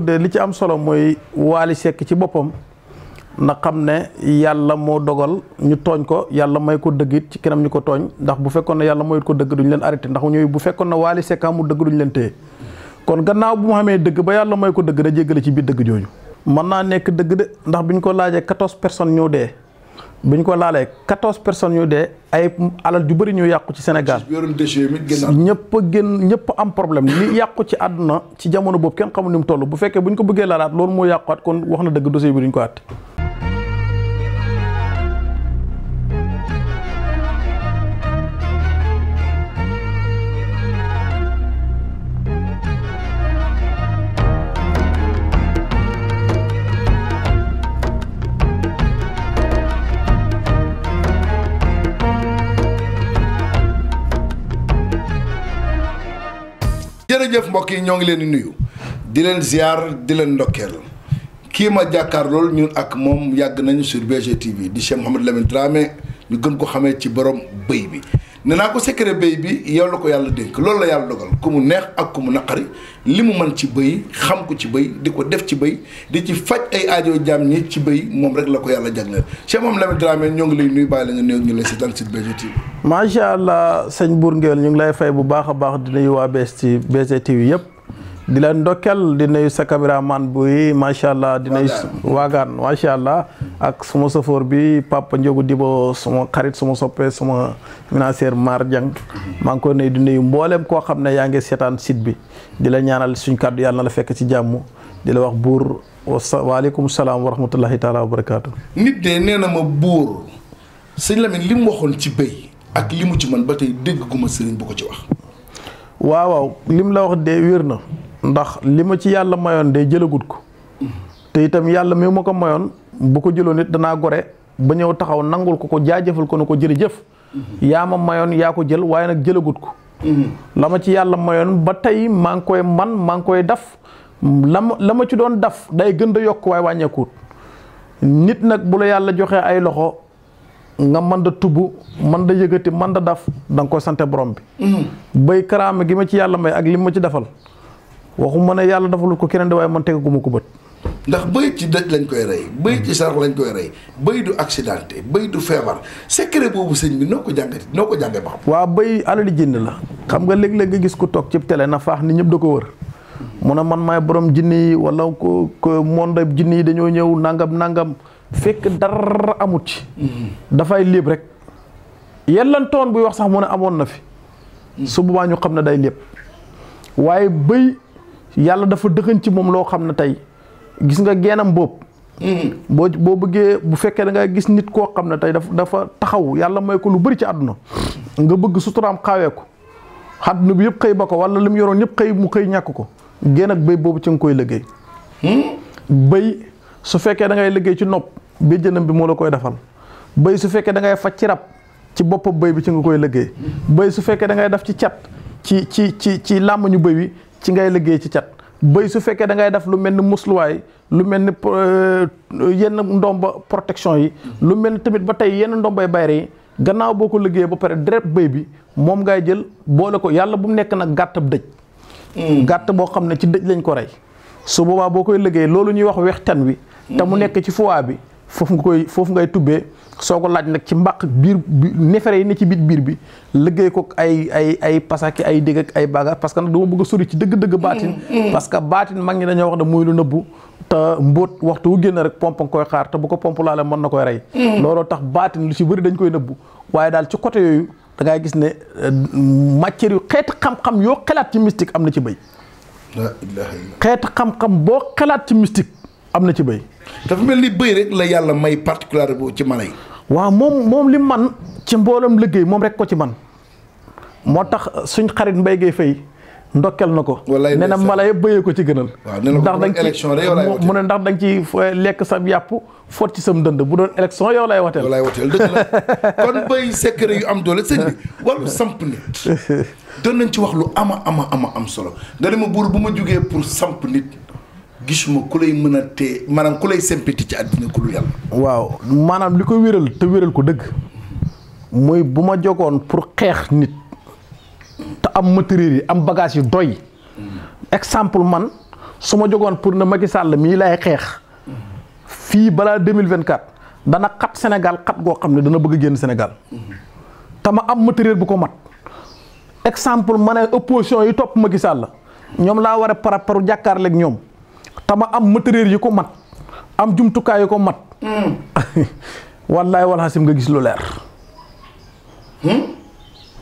de li ci am solo mooy Waly sekk ci boppam na xam ne yàlla moo dogal ñu tooñ ko yàlla may ko dëgg it ci kanam ñu ko tooñ ndax bu fekkoon ne yàlla mooy ko dëgg duñ leen arrêté ndax ñooy bu fekkoon na Waly Seck amul dëgg duñ leen téye kon gannaaw bu mu xamee dëgg ba yàlla may ko dëgg da jéggale ci biir dëgg jooju. mën naa nekk dëgg de ndax biñ ko laajee quatorze personnes ñëw dee. bi ñu ko laalee quatorze personnes yu dee ay alal ju bëri ñu yàqu ci Sénégal ñëpp a génn ñëpp am problème li yàqu ci àdduna ci jamono boobu kenn xamul ni mu toll bu fekkee bu ñu ko bëggee laalaat loolu moo yàquwaat kon wax na dëgg dossier bi duñ ko àtte jërëjëf mbokk yi ñoo ngi leen di nuyu di leen ziar di leen ndokkeel kii ma jàkkaar loolu ñun ak moom yàgg nañu sur BGTV di Cheikh Mouhamed Lamine Dramé ñu gën ko xamee ci borom bëy bi ne naa ko secret béy bi yow la ko yàlla dénk loolu la yàlla dogal ku mu neex ak ku mu naqari li mu mën ci bëy xam ko ci bëy di ko def ci bëy di ci faj ay aajo jaam ñi ci bëy moom rek la ko yàlla jagleel Cheikh moom Lamine Dramé ñoo ngi lay nuyu bàyyi la nga néew ñu lay seetaan si BG TV macha allah sëñ Bour ñu ngi lay fay bu baax a baax di nuyu waa BG TV yëpp di leen ndokkeel di nuyu sa caméraman bu macha allah di nuyu waagaan macha allah ak suma sofoor bi Papa Ndiogu Dibo suma xarit suma soppee suma financier Mar Diang maa ngi koy nuyu di nuyu koo xam ne yaa ngi seetaan site bi di la ñaanal suñ kàddu yàlla na la fekk ci jàmm di la wax buur waaleykum salaam wa rahmatullahi nee na ma buur sëñ Lamine li mu waxoon ci béy ak li mu ci man ba tey dégg gu ma sëriñ bu ko ci wax. waaw waaw lim la wax de wér na ndax li ma ci yàlla mayoon de jëlagut ko mm-hmm. te itam yàlla mi ma ko mayoon. bu ko jëloo it danaa gore ba ñëw taxaw nangul ko ko jaajëfal ko ne ko jërëjëf. yaa ma mayoon yaa ko jël waaye nag jëlagut ko. Mm-hmm. la ma ci yàlla mayoon ba tey maa ngi koy man maa ngi koy daf la ma la ma ci doon daf day gën da yokk waaye nit nag bu la yàlla joxee ay loxo nga mën da tubb mën da yëgati mën da daf da nga koy sante borom bi. Mm-hmm. bay karaama gi ma ci yàlla may ak li ma ci defal ma ne yàlla defalul ko keneen de waaye man tegaguma ko bët. ndax bëy ci dëj lañ koy rey bëy lañ koy rey bëy du accidenté bëy du feebar secret boobu sëñ bi noo ko jàngati noo ko jàngee ba xam. waaw bëy la xam nga léeg-léeg nga gis ku toog ci télé na faax ni ñëpp da ko wër mu ne man maay borom jinni yi wala ko ko monde jinni yi dañoo ñëw nangam nangam fekk dara amut ci. Mm-hmm. dafay léeb rek yellantoon buy wax sax mu ne amoon na fi. Mm-hmm. su boobaa ñu xam ne day léeb waaye bëy yàlla dafa dëxëñ ci moom loo xam ne tey. gis nga geenam boobu. Mm-hmm. boo boo bëggee bu fekkee da nga gis nit koo xam ne tey dafa dafa taxaw yàlla may ko lu bëri ci àdduna nga bëgg suturaam xawee ko xadduna bi yëpp xëy ba ko wala li mu yoroon yëpp xëy mu xëy ñàkk ko génn ak béy boobu ci nga koy liggéey. Mm-hmm. béy su fekkee da ngay liggéey ci nopp béjjënam bi moo la koy defal béy su fekkee da faj ci rab ci boppam béy bi ci koy liggéey mm-hmm. béy su fekkee da ngay def ci cat ci ci ci ci làmmañu béy bi ci ngay liggéey ci cat. bëy su fekkee da ngay def lu mel ni musluwaay lu mel ni euh, yenn ndomba protection yi lu mel ni tamit ba tey yenn ndombay bayre yi gannaaw boo ko liggéeyee ba pare deret bëy bi moom ngay jël boole ko yàlla bu mu nekk nag gàttab dëj hmm. gàtt boo xam ne ci dëj lañ ko rey su boobaa boo koy liggéey loolu ñuy wax wextan wi te mu hmm. nekk ci foie bi foofu nga koy foofu ngay tubbee soo ko laaj nag ci mbaq biir bi neefere yi ne ci biir biir bi liggéey ko ay ay ay pasaki ay dégg ak ay baga parce que nag dama bëgg sori ci dëgg-dëgg baatin mm, mm. parce que baatin mag ñi dañoo wax ne muy lu nëbbu te mbóot waxtu wu génn rek pomp nga koy xaar te bu ko pomp laale mën na koy rey mm. looloo tax baatin lu ci bëri dañ koy nëbbu waaye daal ci côté yooyu da ngay gis ne euh, matière yu xeet xam-xam yoo xelaat ci mystique am na ci béy xeeti xam boo xelaat ci am na ci béy dafa mel ni bëy rek la yàlla may particulier boobu ci mala yi. waaw moom moom li man ci mboolem liggéey moom rek ko ci man moo tax suñ xarit Mbaye Guèye Faye ndokkel na ko. wallaay nee na mala yëpp bëyee ko ci gënal. ndax da nga ci mu ne ndax da nga ci lekk sam yàpp foot ci sam dënd bu doon élection yow lay wateel. yow lay wateel dëgg la kon bëy secret yu am doole sëñ bi wàllu samp nit. doon nañ ci wax lu ama ama ama am solo nga ne ma buur bu ma jógee pour samp nit. gisuma ku lay mën a tee maanaam ku lay sempiti ci àddina ku lu yàlla. waaw maanaam li ko wéral te wéral ko dëgg mooy bu ma jogoon pour xeex nit te am matériel yi am bagage yu doy exemple man su ma jogoon pour ne Macky Sall mii laay xeex fii balaa deux mille vingt quatre dana xat Sénégal xat goo xam ne dana bëgg génn Sénégal te ma am matériel bu ko mat exemple ma ne opposition yi topp Macky Sall ñoom laa war a para paru jàkkaarloo ñoom. tama am matériel yi ko mat am jumtukaay yi ko mat. Hmm. wallaay walxasim nga gis lu leer. Hmm?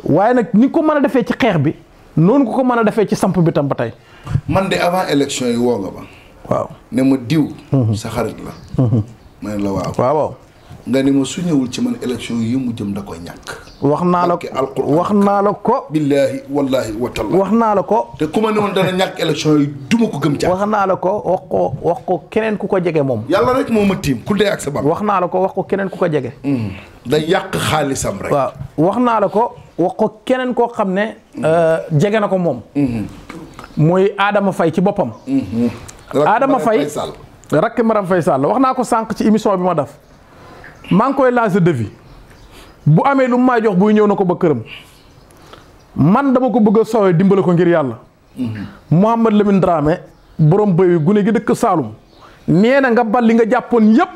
waaye nag ni ko mën a defee ci xeex bi noonu ko ko mën a defee ci samp bi tam ba tey. man de avant élection yi woo nga ba. waaw ne ma diw. Hmm. sa xarit la. ma ne la waaw. nga ni ma su ñëwul ci man élection yi mu jëm da koy ñàkk. wax naa la ko wax naa la ko. billaahi wallaahi wa taala. wax naa la ko. te ku ma ne woon dana ñàkk élection yi du ma ko gëm ca. wax naa la ko wax ko wax ko keneen ku ko jege moom. yàlla rek ma tiim ku ak sa bàq. wax naa la ko wax ko keneen ku ko jege. Hmm. da yàq xaalisam rek. waaw wax naa la ko wax ko keneen koo xam ne. Hmm. Euh, jege na ko moom. Hmm. muy Adama fay ci boppam. Adama Faye rakk Maram fay Sall wax naa ko sànq ci émission bi ma def. maa ngi koy lancer devis bu amee lu mu may jox buy ñëw na ko ba këram man dama ko bëgg a soowee dimbale ko ngir yàlla. Mouhamed Lamine Dramé borom bëy gune gi dëkk Saalum nee na nga bal li nga jàppoon yëpp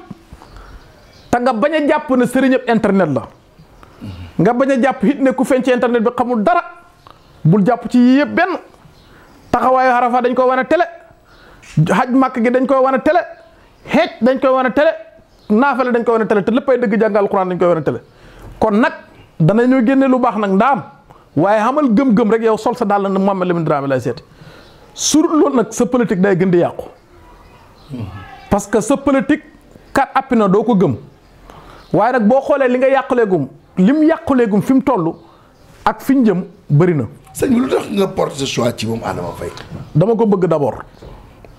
te bañ a jàpp ne sëriñ ab internet la. nga bañ a jàpp it ne ku feeñ ci internet bi xamul dara bul jàpp ci yii yëpp benn taxawaayu Arafa dañ koy wane télé haj màkk gi dañ koy wane télé xeej dañ koy wane télé. naafale dañ koy wane tele te léppay dëgg jàng alxuraan dañ koy wane tele kon nag danañu génne lu baax nag ndaam waaye xamal gëm-gëm rek yow sol sa daal na Mouhamed Lamine Dramé lay seeti sur loolu nag sa politique day gën di yàqu parce que sa politique kat appi na doo ko gëm waaye nag boo xoolee li nga yàquleegum lim yàquleegum fi mu toll ak fi ñu jëm bëri na. sëñ bi ci moom Adama dama ko bëgg d'abord.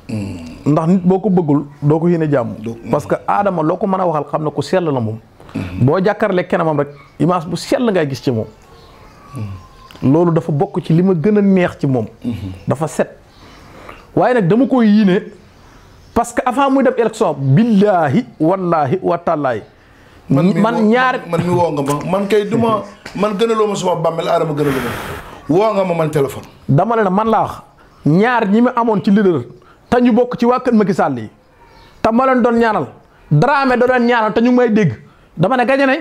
Hmm. ndax nit boo ko bëggul doo ko yéene jàmm parce que aadama loo ko mën a waxal xam na ku sell la moom mhm. boo jàkkaarlee kanamam rek image bu sell ngay gis ci moom mhm. loolu dafa bokk ci li ma gën a neex ci moom mhm. dafa set waaye nag dama koy yéene parce que avant muy dem élection billaahi wallaahi wa taalaahi man ñaar man mi nga ma man kay du ma man gënaloo ma suma bàmmeel aadama gënaloo ma woo nga ma man téléphone dama la ne man laa wax ñaar ñi ma amoon ci leader te ñu bokk ci waa kër Macky Sall yi te ma leen doon ñaanal Dramé da doon ñaanal ta ñu may dégg dama ne gañe nañ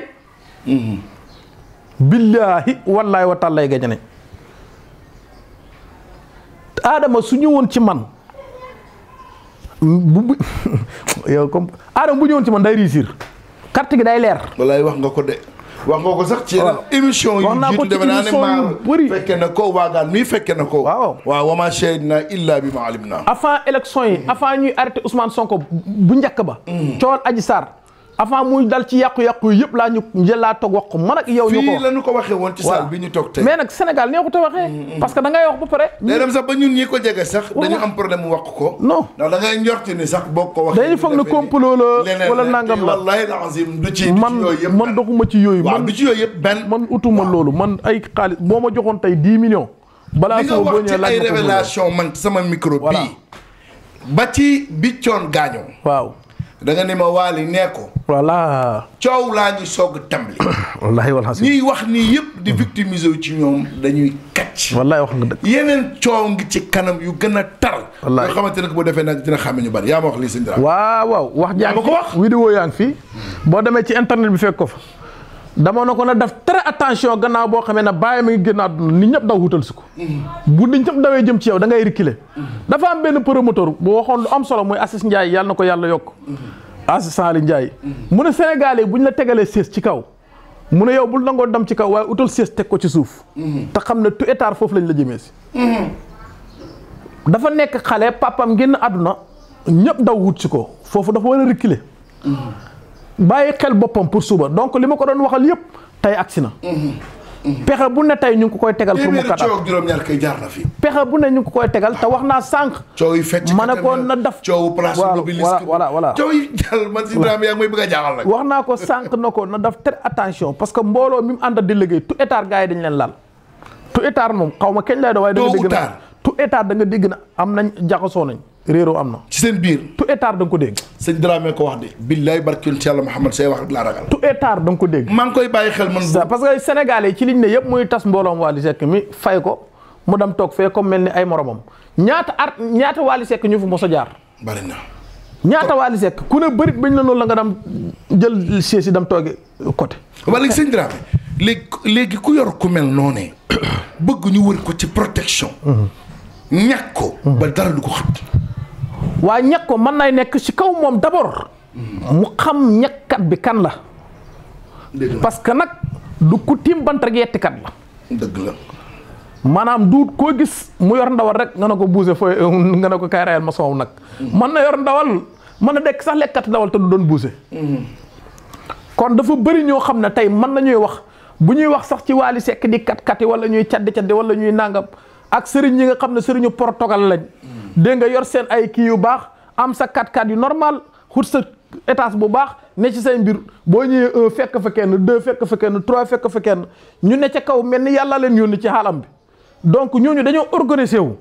billaahi wallaahi wa tàllay gañe nañ Adama su ñëwoon ci man bu yow comme Adama bu ñëwoon ci man day réussir carte gi day leer. wallaay wax nga ko de. waaw nga ko sax ci émission yu jiitu deme naa ne fekke na ko waagaan ko waaw waaw wama shahidna illa bi ma alim na avant élection yi avant ñuy arrêté Ousmane Sonko bu njëkk ba mm. coowal Adji Sarr avant muy dal ci yàqu-yàqu yëpp laa ñu jëlaa toog wax man ak yow. ñu ko fii waxee woon ci salle bi ñu toog tey. mais nag Sénégal nee ko te waxee. Mm, mm. parce que da ngay wax ba pare. day dem sax ba ñun ñi ko jege sax. dañu am problème mu wax ko. non ndax njorti ni sax boo ko waxee. dañuy foog ne complot la wala nangam la wallahi azim man man doxuma ci yooyu. man du ci yëpp benn. man utuma loolu man ay xaalis boo ma joxoon tey dix millions. balaa soo boo ñëwee laaj ma ko li nga wax ci ay révélation man sama micro bii. ba ci bi coon gaaño waaw da nga ni ma yi nee ko. voilà. coow laa ngi soog a tàmbali. wallaahi wal hasim ñiy wax nii yëpp di victimiser wu ci ñoom dañuy kàcc. wallaahi wax nga dëgg. yeneen coow ngi ci kanam yu gën a tar. wallaahi yoo xamante ne boo defee nag dina xàmme ñu bari yaa ma wax lii sëñ Dramé. waaw waaw wax jaa ngi ko wax. vidéo yaa ngi fii boo demee ci internet bi fekk ko fa. dama na ko na def très attention gannaaw boo xamee ne bàyyi ma ngi génn àdduna nit ñëpp daw wutal si ko bu nit ñëpp dawee jëm ci yow da ngay reculer dafa am benn promoteur bu waxoon lu am solo mooy Assis Ndiaye yàlla na ko yàlla yokk Assis Saali Ndiaye mu ne Sénégalais bu ñu la tegalee si ci kaw mu ne yow bul nangoo dam ci kaw waaye utal sées teg ko ci suuf te xam ne tout état foofu lañ la jëmee si dafa nekk xale papam génn àdduna ñëpp daw wut si ko foofu dafa war bàyyi xel boppam pour suba donc li ma ko doon waxal yëpp tey agsi na. Mhm. Mhm. pexe bu ne tey ñu ngi ko koy tegal. pour mu katal téeméeri juróom-ñaar kay jaar pexe bu ne ñu ngi ko koy tegal te wax naa sànq. coow yi fecc ma ne ko na daf coow place voilà voilà voilà. coow yi jàll wax naa ko sànq na ko na daf très attention parce que mbooloo mi mu a di liggéey tout état gars yi dañu leen laal. tout état moom xaw ma kañ lay doon waaye. da nga dégg na tout état da nga dégg na am nañ jaxasoo nañ réeroo am na. ci seen biir. tu état da ko dégg. sëñ Dramé ko wax de. billaay barkeel ci yàlla Mouhamed say wax laa ragal. tu état da ko dégg. maa ngi koy bàyyi xel man. parce que sénégalais ci liñ ne yëpp muy tas mbooloom Wally Seck mi fay ko mu dem toog fee comme mel ni ay moromam ñaata at ñaata Wally Seck ñu fu mos a jaar. bari ñaata Wally Seck ku bëri bañ na noonu la nga dam jël siège dam tooge côté. wala léegi sëñ léegi ku yor ku mel noonee. bëgg ñu wër ko ci protection. Mhm. ñàkk ko. ba dara du ko xat waa ñekk ko mën nay nekk ci kaw moom d'abord mu xam ñàkkat bi kan la parce que nag du ku tiim bant rek yettikat la la maanaam du koo gis mu yor ndawal rek nga ne ko buuse fooy nga ne ko kay rayal ma soow nag mën na yor ndawal mën a dekk sax lekkat ndawal te du doon buuse kon dafa bëri ñoo xam ne tey mën nañuy wax bu ñuy wax sax ci waali sekk di kat kati wala ñuy caddi caddi wala ñuy nàngam ak sëriñ yi nga xam ne sëriñu Portugal lañ dégg nga yor seen ay kii yu baax am sa kat-kat yu normal xut sa étage bu baax ne ci say mbir boo ñëwee fekk fekkee kenn deux fekk fa kenn trois fekk fa ñu ne ca kaw mel ni yàlla leen yónni ci xaalam bi donc ñooñu dañoo organisé wu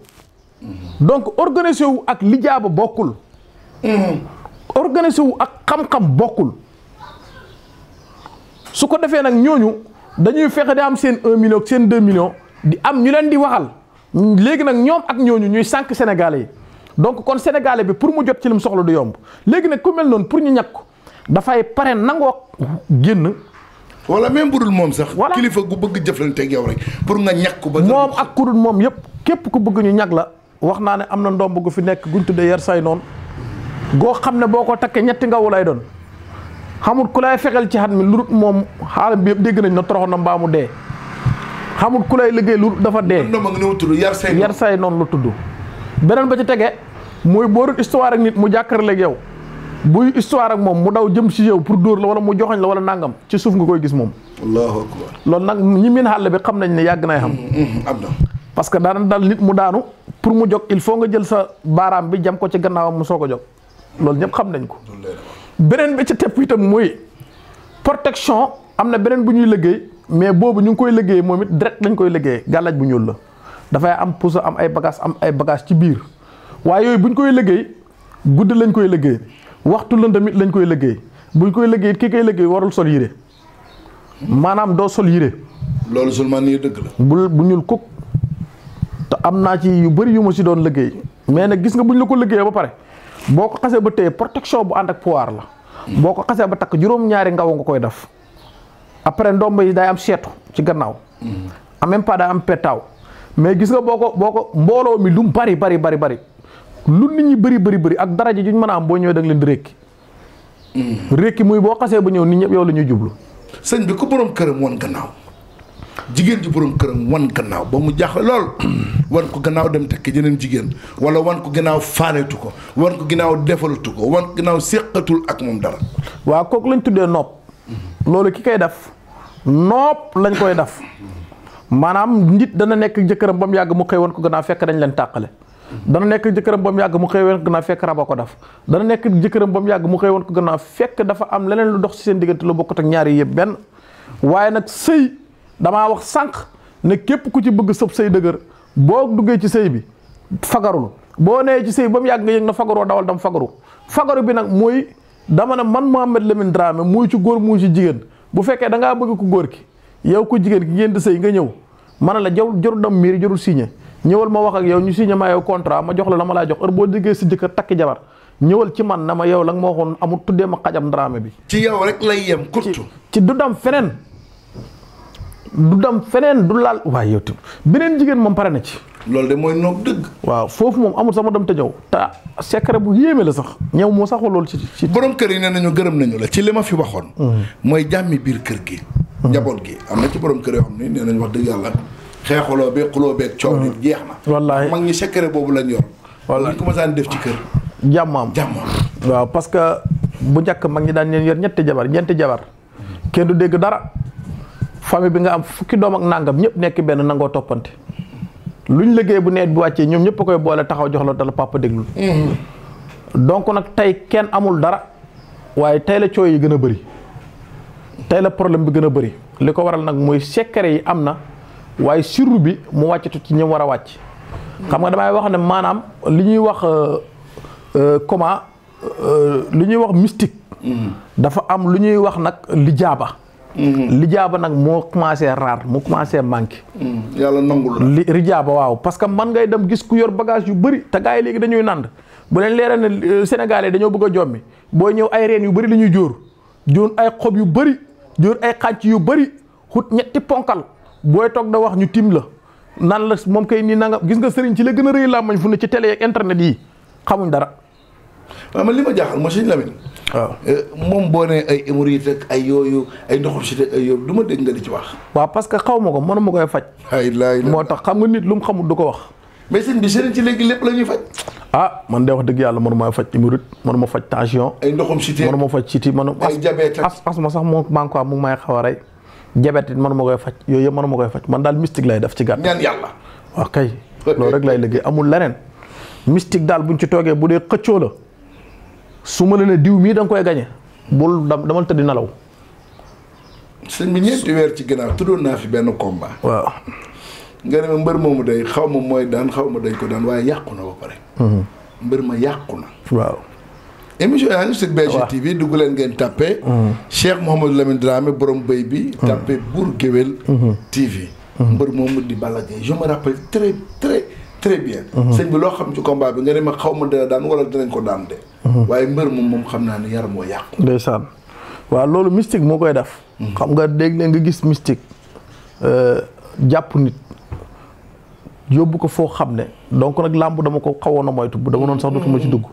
donc organisé wu ak lijaaba bokkul organisé wu ak xam-xam bokkul su ko defee nag ñooñu dañuy fexe di am seen un million seen deux million di am ñu leen di waxal léegi nag ñoom ak ñooñu ñuy sànq sénégalais yi donc kon sénégalais bi pour mu jot ci lim soxla du yomb léegi nag ku mel noonu pour ñu ñàkk ko dafay pare nangoo génn. wala même budul moom sax. voilà kilifa gu bëgg jëflante ak yow rek pour nga ñàkk ko ba. moom ak ku moom yëpp képp ku bëgg ñu ñag la wax naa ne am na ndomb gu fi nekk guñ tuddee yar say noonu goo xam ne boo ko takkee ñetti nga wu lay doon xamul ku lay fexeel ci xat mi lu moom xaalam bi dégg nañ na torox na mbaamu dee. xamul ku lay liggéey lu dafa dee. yar say yar say noonu la tuddu beneen ba ci tegee mooy boo doon histoire ak nit mu jàkkaarloo ak yow buy histoire ak moom mu daw jëm si yow pour dóor la wala mu joxoñ la wala nangam ci suuf nga koy gis moom. allahu akbar loolu nag ñi min xàll bi xam nañ ne yàgg nay xam. Mm, mm, mm, am na parce que daan dal nit mu daanu pour mu jog il faut nga jël sa baaraam bi jam ko ci gannaawam mu soog a jog loolu ñëpp xam nañ ko. beneen bi ci tepp itam mooy protection am na beneen bu ñuy liggéey. mais boobu ñu ngi koy liggéey moom it direct lañ koy liggéey gàllaaj bu ñuul la dafay am pousa am ay bagage am ay bagage ci biir waaye yooyu bu ñu koy liggéey guddi lañ koy liggéey waxtu lëndamit lañ koy liggéey buñ koy liggéey ki koy liggéey warul sol yére maanaam doo sol loolu seulement nii dëgg bu bu ñuul kuk te am naa ci yu bari yu ma si doon liggéey mais nag gis nga buñ la ko liggéeyee ba pare boo ko xasee ba tey protection bu ànd ak pouvoir la. boo ko xasee ba takk juróom ñaari ngaw nga koy def. après ndomb yi day am seetu ci gannaaw. Mm-hmm. en même pas day am petaaw mais gis nga boo ko boo ko mbooloo mi lu mu bari bari bari bari lu nit ñi bëri bëri bëri ak daraja ju ñu mën a am boo ñëwee da leen di rékki. Mm-hmm. rékki muy boo xasee ba ñëw nit ñëpp yow la ñuy jublu. sëñ bi ko borom këram wan gannaaw jigéen ji borom këram wan gannaaw ba mu jaaxle lool. wan ko gannaaw dem takk jeneen jigéen wala wan ko gannaaw faaleetu ko wan ko gannaaw defalatu ko wan ko gannaaw séqatul ak moom dara. waaw kooku lañ tuddee nopp. Mm-hmm. ki koy def. nopp lañ koy def maanaam nit dana nekk jëkkëram ba mu yàgg mu xëy woon ko gannaaw fekk dañ leen tàqale dana nekk jëkkëram ba mu yàgg mu xëy woon ko gannaaw fekk raba ko def dana nekk jëkkëram ba yàgg mu xëy woon ko gannaaw fekk dafa am leneen lu dox ci seen diggante lu bokkut ak ñaar yi yëpp benn waaye nag sëy damaa wax sànq ne képp ku ci bëgg sëb sëy dëgër boo duggee ci sëy bi fagarul boo nee ci sëy ba mu yàgg nga yëg na fagaroo dawal dama fagaru fagaru bi nag mooy dama ne man Mouhamed Lamine Dramé muy ci góor muy ci jigéen bu fekkee da ngaa bëgg ku góor ki yow ku jigéen ki ngeen di sëy nga ñëw ma ne la jarul jarul dem miir jarul signé ñëwal ma wax ak yow ñu signé ma yow contrat ma jox la la ma laa jox heure boo déggee si jëkkër takki jabar ñëwal ci man na ma yow la nga ma waxoon amul tuddee ma xajam drame bi. ci yow rek lay yem kurtu. ci du dam feneen. du dam feneen du laal waaye yow tamit beneen jigéen moom pare na ci. loolu de mooy noog dëgg. waaw foofu moom amul sama dem te ñëw te secret bu yéeme la sax ñëw moo saxoo loolu ci boroom kër yi nee nañu gërëm nañu la ci li ma fi waxoon. Mm. mooy jàmmi biir kër gi. Mm. njaboot gi am na ci kër yoo xam ne nee nañu wax dëgg yàlla xeexuloo bee xuloo bee coow li mm. jeex na. wallaahi mag ñi secret boobu lañ yor. wallaahi ñu commencé def ci kër. jàmmam jàmmam. waaw parce que bu njëkk mag ñi daan leen yor ñetti jabar ñeenti jabar kenn du dégg dara famille bi nga am fukki doom ak nangam ñëpp nekk benn nangoo toppante ñu liggéey bu nawet bi wàccee ñoom ñëpp koy boole taxaw jox la dala papa déglu. donc nag tey kenn amul dara waaye tey la coow yi gën a bëri tey la problème bi gën a bëri li ko waral nag mooy secret yi am na waaye sirru bi mu wàccatu ci ñoom war a wàcc. xam nga damay wax ne maanaam li ñuy wax euh, euh, comment euh, li ñuy wax mystique. Mm. dafa am lu ñuy wax nag li jaaba. Mhm. lijaaba nag moo commencé raar moo commencé manqué. Mhm. yàlla nangul la li lijaaba waaw parce que man ngay dem gis ku yor bagage yu bëri te gars yi léegi dañuy nand bu leen leeral ne euh, Sénégalais dañoo bëgg a jommi booy ñëw ay reen yu bëri la ñuy jóor jóor ay xob yu bëri jóor ay xànc yu bëri xut ñetti ponkal booy toog da wax ñu tim la nan la moom kay nii nanga gis nga sëriñ ci la gën a rëy làmmañ fu ne ci télé yeeg internet yi xamuñ dara. waaw man li ma jaaxal mooy sëñ eh, moom boo nee ay hémorroïdes ak ay yooyu ay ndoxu si ay yooyu du ma dégg nga di ci wax. waaw parce que xaw ma ko mënu ma koy faj. aylaay moo tax xam nga nit lu mu xamul du ko wax. mais sëñ bi sëriñ ci léegi lépp la ñuy faj. ah man de wax dëgg yàlla mënu maa faj hémorroïde mënu ma faj tension. ay ndoxum cité mënu ma faj cité mënu. ay diabète as as ma sax moom maa ngi ko am mu may xaw a it mënu koy faj yooyu yëpp mënu ma koy faj man daal mystique lay def ci gàtt. ñaan yàlla. waaw kay loolu rek lay liggéey amul leneen mystique daal buñ ci toogee bu dee xëccoo la su ma la ne diw mii da koy gañe bul damal tëdd nelaw. sëñ bi ñeenti weer ci ginnaaw tuddoon naa fi benn komba waaw. nga ne mbër moomu day xaw ma mooy daan xaw ma dañ ko daan waaye yàqu na ba mhm. mbër ma yàqu na. waaw. émission yaa ngi sur BG TV dugg leen ngeen tàppe mhm. Cheikh Mouhamadou Lamine Dramé borom béy bi. Mhm. tàppe mbër moomu di Balla Gaye je me rappelle bi loo xam ci combat bi nga ma xaw ma dana daan wala dinañ ko daan de. waaye mbër moom moom xam naa ne yaram moo yàqu. ndeysaan waaw loolu mystique moo koy def. Mm-hmm. xam nga dégg leen nga gis mystique. Euh, jàpp nit yóbbu ko foo xam ne donc nag làmb dama ko xawoon a moytu bu dama noonu sax dootuma ci mm-hmm. dugg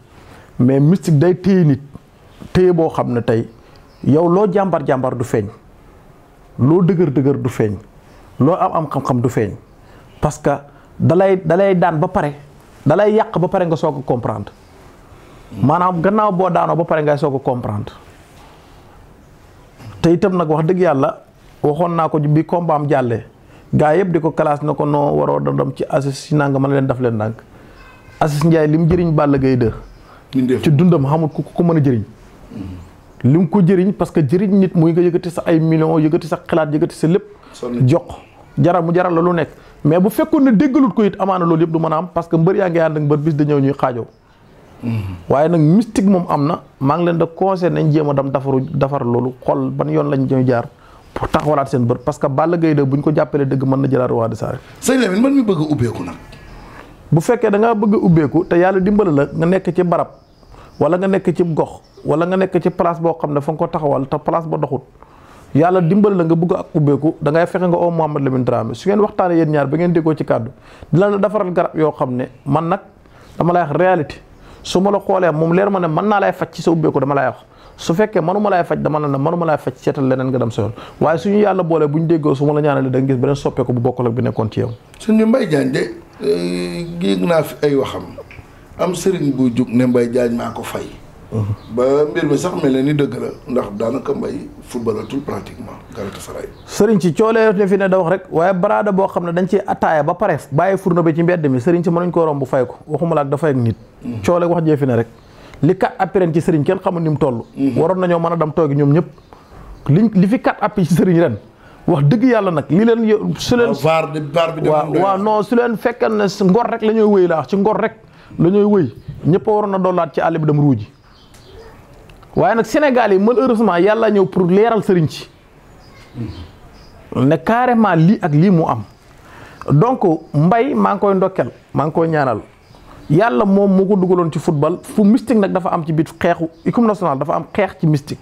mais mystique day téye nit téye boo xam ne tey yow loo jàmbar jàmbar du feeñ loo dëgër dëgër du feeñ loo am am xam-xam du feeñ parce que dalay dalay daan ba pare dalay yàq ba pare nga soog a comprendre. maanaam gannaaw boo daanoo ba pare ngay soo a comprendre te itam nag wax dëgg yàlla waxoon naa ko bi combat am jàllee gaa yëpp di ko classe na ko noo waroo da dem ci Aziz si nanga mën leen daf leen ndànk Aziz Ndiaye li mu jëriñ Balla Gaye 2 ci dundam xamul ku ko mën a jëriñ li mu ko jëriñ parce que jëriñ nit muy nga yëgati sa ay millions yëgati sa xalaat yëgati sa lépp jox jaral mu jaral la lu nekk mais bu fekkoon ne déggalut ko it amaana loolu yëpp du mën a am parce que mbër yaa ngi ànd ak mbër bis waaye nag mystique moom am na maa ngi leen da conseil nañ jéem a dem dafaru defar loolu xool ban yoon lañ ñuy jaar pour taxawalaat seen bër parce que Balla Gaye de bu ñu ko jàppalee dëgg mën na jalaat waa des arènes. sëñ Lamine man mi bëgg ubbeeku nag. bu fekkee dangaa ngaa bëgg a ubbeeku te yàlla dimbali la nga nekk ci barab wala nga nekk ci gox wala nga nekk ci place boo xam ne fa nga ko taxawal te place ba doxut yàlla dimbali la nga bëgg ak ubbeeku da ngay fexe nga oo Mouhamed Lamine Dramé su ngeen waxtaanee yéen ñaar ba ngeen déggoo ci kàddu dina la defaral garab yoo xam ne man nag dama lay wax réalité su ma la xoolee moom leer ma ne mën naa lay faj ci sa ubbeeku dama lay wax su fekkee manuma laay faj dama la ne manuma laay faj seetal leneen nga dem sa yoon waaye suñu yàlla boolee bu ñu déggoo su ma la ñaanalee da nga gis beneen soppeeku bu bokkul ak bi nekkoon ci yow. suñu Mbaye Diagne de eh, géeg naa fi ay waxam am sëriñ bu jug ne Mbaye Diagne maa ko fay. ba mbir mi sax mel na ni dëgg la ndax daanaka mbay footballatul pratiquement Galatasaray. Serigne ci coolee ne fi ne da wax rek waaye baraada boo xam ne dañ ci attaaya ba pare bàyyi fourneau bi ci mbedd mi Serigne ci mënuñ koo bu fay ko waxuma la ak dafay ak nit. Mm-hmm. coole wax jee fi ne rek li kat appareil ci Serigne kenn xamul ni mu toll. Mm-hmm. waroon nañoo mën a dem toogi ñoom ñëpp liñ li fi kat appi ci Serigne ren. wax dëgg yàlla nag li leen yo su leen ah, vaar bi waaw waaw non su leen fekkee ngor rek la ñuy wëy laa rek la ñuy wëy ñëpp waroon na dollaat ci àll bi dem ruuji waaye nag Sénégal yi malheureusement yàlla ñëw pour leeral sëriñ ci ne carrément lii ak lii mu am donc mbay maa ngi koy ndokkel maa ngi koy ñaanal yàlla moom moo ko dugaloon ci football fu mystique nag dafa am ci biir xeexu équipe nationale dafa am xeex ci mystique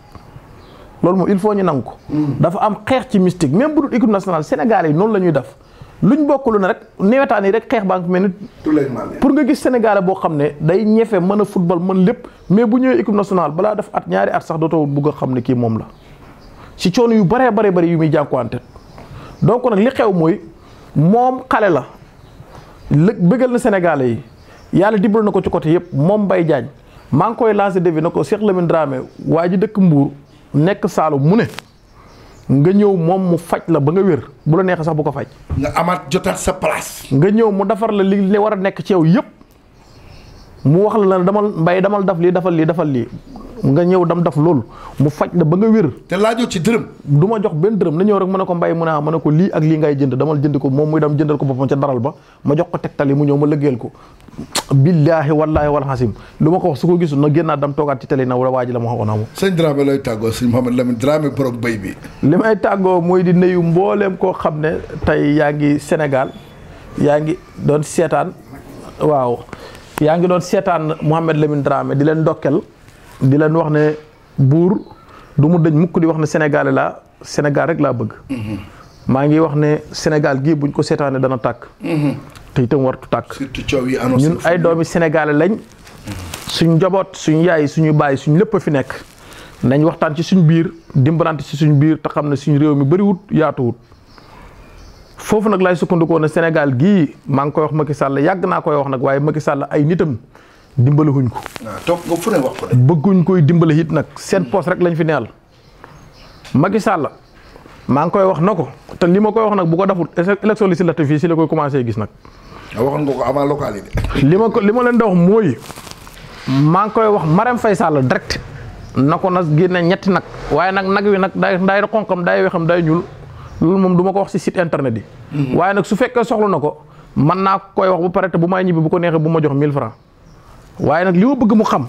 loolu moom il faut ñu nangu ko. Mm. dafa am xeex ci mystique même bu dul équipe nationale Sénégal yi noonu la ñuy def. luñ bokkul na rek neetaan yi rek xeex baa ngi mel ni pour nga gis Sénégal boo xam ne day ñefe mën a football mën lépp mais bu ñëwee équipe nationale balaa def at ñaari at sax dootoo bugg a xam ne kii moom la ci coono yu baree bare bëri yu muy jànkuwante donc nag li xew mooy moom xale la lë bëggal na Sénégalais yi yàlla dimbal na ko ci côté yëpp moom bay Diagne maa ngi koy lancé défi na ko Cheikh Lamine Dramé waa ji dëkk Mbour nekk Saalum mu ne nga ñëw moom mu faj la ba nga wér bu la neexee sax bu ko faj. nga amaat jotaat sa place. nga ñëw mu defar la li li war a nekk ci yow yëpp mu wax la ne damal mbay damal daf lii dafal lii dafal lii nga ñëw dam daf loolu mu faj la ba nga wér. te laajoo ci dërëm. du ma jox benn dërëm na ñëw rek mën ko mbay mu a ma ne ko lii ak lii ngay jënd damal jënd ko moom muy dem jëndal ko boppam ca daral ba ma jox ko tegtal yi mu ñëw ma lëggeel ko. billaahi wallaahi wal xasim lu ma ko wax su ko gisul na génnaat dam toogaat ci télé na wala waa ji la ma waxoon amu. sëñ Dramé lay tàggoo sëñ Mouhamed Lamine Dramé borom bay bi. li may tàggoo mooy di nuyu mbooleem koo xam ne tey yaa ngi senegal yaa ngi doon seetaan waaw yaa ngi doon seetaan Mouhamed Lamine Dramé di leen ndokkel di leen wax ne buur du mu dëñ mukk di wax ne Sénégal laa Sénégal rek laa bëgg. Mm-hmm. maa ngi wax ne Sénégal gii buñ ko seetaanee dana tàkk. Mm-hmm. te itam wartu tàkk. yi annoncé ñun ay doomi Sénégal lañ. Mm-hmm. suñ njaboot suñ yaay suñu baay suñ lépp a fi nekk. nañ waxtaan ci suñu biir dimbalante ci suñu biir te xam ne suñu réew mi bëriwut yaatuwut. foofu nag laay sukkandikoo ne Sénégal gii maa ngi koy wax Macky Sall yàgg naa koy wax nag waaye Macky Sall ay nitam dimbalewuñ ko. Ah, toog nga ne wax ko bëgguñ koy dimbale it nag seen poste rek lañ fi neel. Macky sàlla maa ngi koy wax na ko te li ma koy wax nag bu ko deful élection législative si la koy commencé gis nag. Ah, waxoon nga ko yi li ma ko li ma leen di wax maa ngi koy wax Marème Faye Sall direct na ko nag na génne ñetti nag waaye nag nag wi nag daay day xonqam daay wexam day ñuul loolu moom du ma ko wax si site internet yi. Mhm. waaye nag su fekkee soxla na ko mën naa koy wax bu pare te bu may ñibbi bu ko neexee bu ma jox 1000 francs waaye nag li bëgg mu xam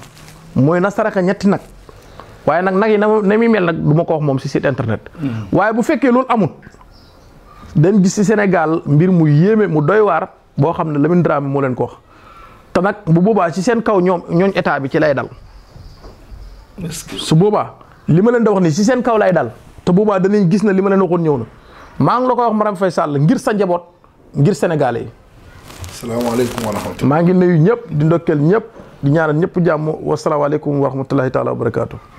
mooy na saraka ñetti nag waaye nag nag yi na muy mel nag du ma ko wax moom si site internet. Mm. waaye bu fekkee loolu amul dañ gis si Sénégal mbir mu yéeme mu doy waar boo xam ne lamit Dramé moo leen ko wax te nag bu boobaa si seen kaw ñoom ñooñ état bi ci lay dal. su boobaa li ma leen da wax ni si seen kaw lay daal te boobaa danañ gis na li ma leen waxoon ñëw na maa ngi la ko wax Marème Faye Sall ngir sa njaboot ngir sénégalais yi. salaamaaleykum wa rahmatulah. maa ngi nuyu ñëpp di ndokkeel ñëpp di ñaanal ñëpp jàmm wa salaamaaleykum wa rahmatulahi taala wa barakaatu.